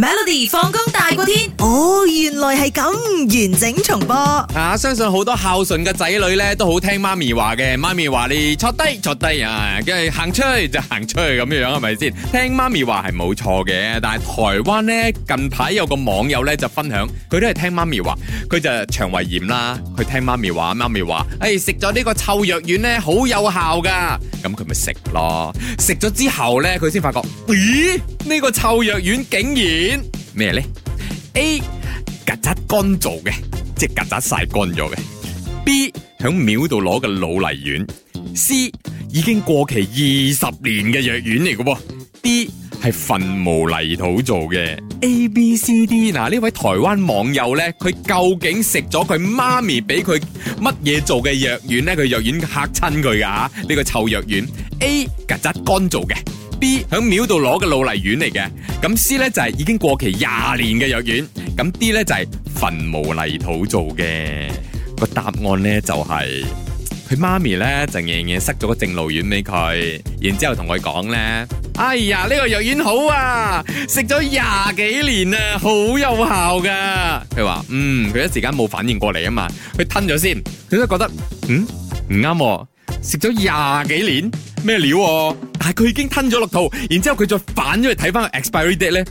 Melody 放工大過天，哦，原來係咁完整重播吓。啊，相信好多孝順嘅仔女咧都好聽媽咪話嘅，媽咪話你坐低坐低啊，跟住行出去就行出去咁樣樣，係咪先？聽媽咪話係冇錯嘅，但係台灣咧近排有個網友咧就分享，佢都係聽媽咪話，佢就腸胃炎啦，佢聽媽咪話，媽咪話，誒，食咗呢個臭藥丸咧好有效噶，咁佢咪食咯，食咗之後咧佢先發覺，咦，呢個臭藥丸竟然～咩咧？A，曱甴乾做嘅，即係曱甴曬乾咗嘅。B，響廟度攞嘅老泥丸。C，已經過期二十年嘅藥丸嚟嘅喎。D，係墳墓泥土做嘅。A、B、C、D，嗱呢位台灣網友咧，佢究竟食咗佢媽咪俾佢乜嘢做嘅藥丸咧？佢藥丸吓親佢噶吓，呢個臭藥丸。A，曱甴乾做嘅。B 喺廟度攞嘅老泥丸嚟嘅，咁 C 咧就係、是、已經過期廿年嘅藥丸，咁 D 咧就係墳墓泥土做嘅。那個答案咧就係佢媽咪咧，就仍、是、然塞咗個正露丸俾佢，然之後同佢講咧，哎呀呢、這個藥丸好啊，食咗廿幾年啊，好有效噶。佢話嗯，佢一時間冇反應過嚟啊嘛，佢吞咗先，佢都覺得嗯唔啱，食咗廿幾年。咩料、啊？但係佢已經吞咗六套，然之後佢再反咗去睇翻個 expiry date 咧，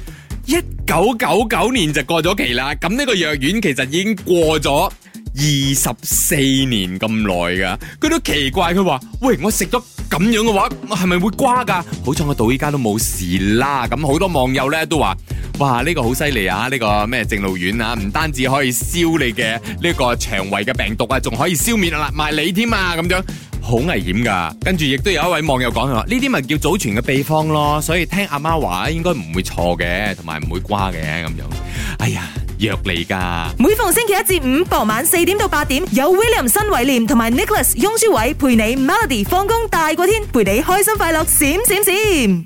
一九九九年就過咗期啦。咁呢個藥丸其實已經過咗二十四年咁耐噶，佢都奇怪佢話，喂，我食咗咁樣嘅話，我係咪會瓜噶？好彩我到依家都冇事啦。咁好多網友咧都話，哇，呢個好犀利啊！呢個咩正露丸啊？唔單止可以消你嘅呢個腸胃嘅病毒啊，仲可以消滅埋你添啊！咁樣。好危險噶，跟住亦都有一位網友講佢話，呢啲咪叫祖傳嘅秘方咯，所以聽阿媽話應該唔會錯嘅，同埋唔會瓜嘅咁樣。哎呀，藥嚟噶！每逢星期一至五傍晚四點到八點，有 William 新偉廉同埋 Nicholas 雍舒偉陪你 Melody 放工大過天，陪你開心快樂閃閃閃。閃閃閃閃